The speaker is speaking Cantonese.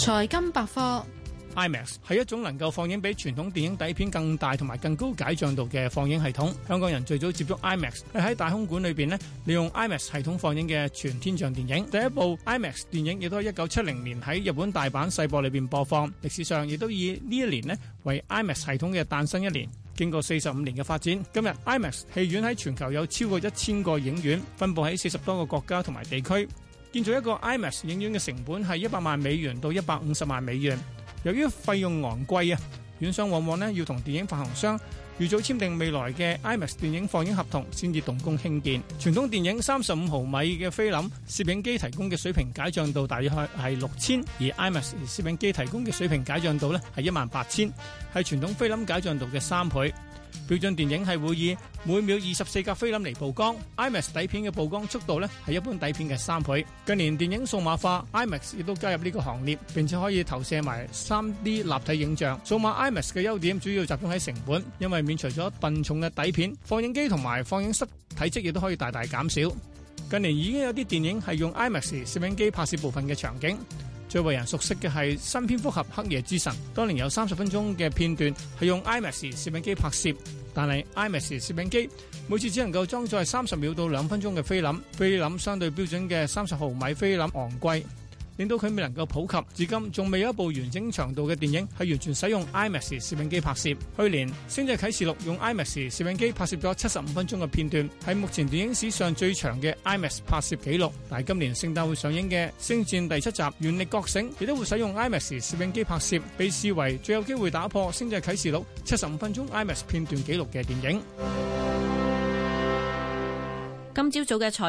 財金百科，IMAX 係一種能夠放映比傳統電影底片更大同埋更高解像度嘅放映系統。香港人最早接觸 IMAX 係喺大空館裏邊咧，利用 IMAX 系統放映嘅全天域電影。第一部 IMAX 電影亦都係一九七零年喺日本大阪世博裏邊播放。歷史上亦都以呢一年咧為 IMAX 系統嘅誕生一年。經過四十五年嘅發展，今日 IMAX 戲院喺全球有超過一千個影院，分布喺四十多個國家同埋地區。建造一個 IMAX 影院嘅成本係一百萬美元到一百五十萬美元。由於費用昂貴啊，院商往往咧要同電影發行商預早簽訂未來嘅 IMAX 電影放映合同先至動工興建。傳統電影三十五毫米嘅菲林攝影機提供嘅水平解像度大約係六千，而 IMAX 攝影機提供嘅水平解像度咧係一萬八千，係傳統菲林解像度嘅三倍。標準電影係會以每秒二十四格菲林嚟曝光，IMAX 底片嘅曝光速度呢，係一般底片嘅三倍。近年電影數碼化，IMAX 亦都加入呢個行列，並且可以投射埋三 D 立體影像。數碼 IMAX 嘅優點主要集中喺成本，因為免除咗笨重嘅底片，放映機同埋放映室體積亦都可以大大減少。近年已經有啲電影係用 IMAX 攝影機拍攝部分嘅場景。最為人熟悉嘅係新片複合黑夜之神，當年有三十分鐘嘅片段係用 IMAX 攝影機拍攝，但係 IMAX 攝影機每次只能夠裝載三十秒到兩分鐘嘅菲林。菲林相對標準嘅三十毫米菲林昂貴。令到佢未能夠普及，至今仲未有一部完整長度嘅電影係完全使用 IMAX 攝影機拍攝。去年《星際啟示錄》用 IMAX 攝影機拍攝咗七十五分鐘嘅片段，係目前電影史上最長嘅 IMAX 拍攝紀錄。但係今年聖誕會上映嘅《星戰》第七集《原力覺醒》亦都會使用 IMAX 攝影機拍攝，被視為最有機會打破《星際啟示錄》七十五分鐘 IMAX 片段紀錄嘅電影。今朝早嘅財。